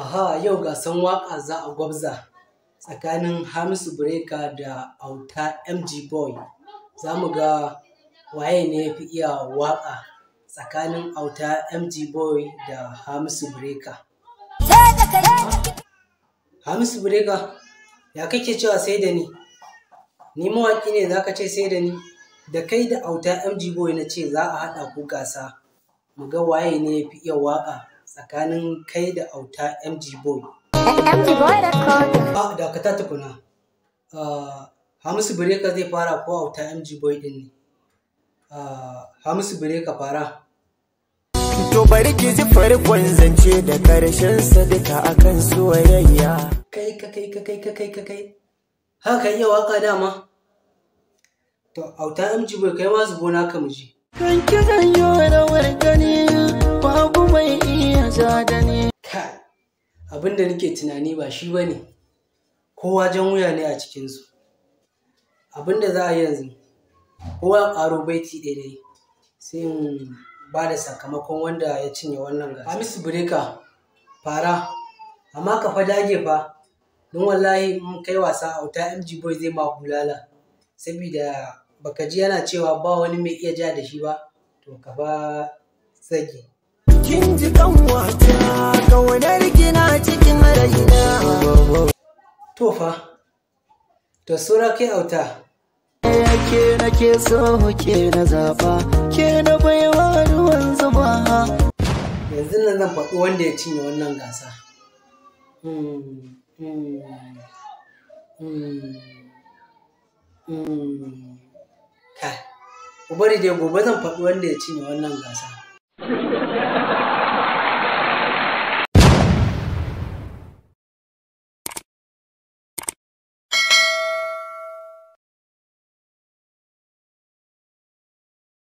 Aha yau gasan waƙa za a gwabza tsakanin Hamisu Breka da Auta MG Boy. Za mu ga waye ne ya fi iya waƙa tsakanin Auta MG Boy da Hamisu Breka. Hamisu Breka, ya kake cewa sai da ni? Ni mawaƙi ne za ka ce sai da ni? Da kai da Auta MG Boy na ce za a haɗa ku gasa, mu ga waye ne ya fi iya waƙa tsakanin kai da auta MG Boy. da Boy Ah, dakata tukuna. Ah, Hamisu Bireka zai fara ko auta MG Boy din ne. Ah, Hamisu Bireka fara. To bari ki ji farkon zance da karshen sa a akan soyayya. Kai ka kai ka kai ka kai ka kai. Haka iya waka dama. To auta MG Boy kai ma zubo naka mu ji. Kan ki zanyo rawar gani abin da nake tunani ba shi ba ne kowa jan wuya ne a cikinsu abin da za a yanzu kowa ƙaro baiti daidai sai in ba da sakamakon wanda ya cinye wannan gasa hamisu bireka fara amma ka fa dage fa don wallahi in kai wasa a wuta mg boy zai ma bulala saboda baka ji yana cewa ba wani mai iya ja da shi ba to ka ba tsage kin ji dan wata to fa to sura ke auta ke nake so ke na zaba ke na baiwa ruwan zuba yanzu nan zan faɗi wanda ya cinye wannan gasa Ka, ku bari dai gobe zan faɗi wanda ya cinye wannan gasa.